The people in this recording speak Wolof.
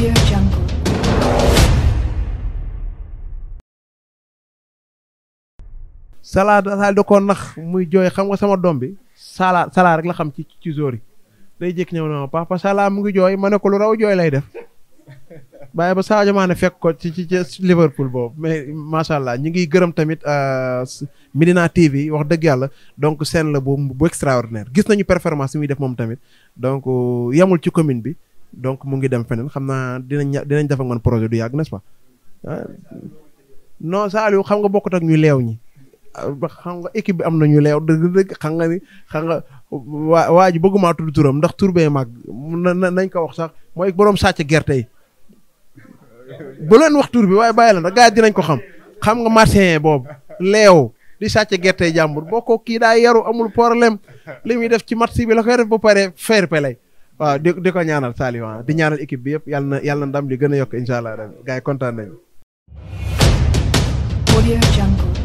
Audio Jungle. Salah Salah nax muy jooy xam nga sama doom bi Salah Salah rek la xam ci ci Zori day jékki ñëw na ma papa Salah mu ngi jooy ma ne ko lu raw jooy lay def bàyyi ba Sadio Mané fekk ko ci ci ci Liverpool boobu mais macha allah ñu ngi gërëm tamit euh, Medina TV wax dëgg yàlla donc seen la bu bu extraordinaire gis nañu performance yi muy def moom tamit donc euh, yamul ci commune bi. donc mu ngi dem feneen xam naa dinañ dinañ def ak projet du yàgg n'est-ce pas ah. non Saliou xam nga bokkut ak ñuy leew ñi ah, xam nga équipe bi am na ñuy leew dëgg-dëgg xam nga ni xam nga waa waa ji bëggumaa tudd turam ndax tur bee mag nañ ko wax sax mooy boroom sàcc gerte yi bu leen wax tur bi waaye bàyyi la ndax gars yi dinañ ko xam xam nga marché boobu leew di sàcc gerte jàmbur boo ko kii daa yaru amul problème li muy def ci match bi la koy def ba pare fair play waaw di ko ñaanal Saliou ah, di ñaanal équipe bi yëpp yàlla na yàlla na ndam li gën a yokk incha allah ren gars yi nañu.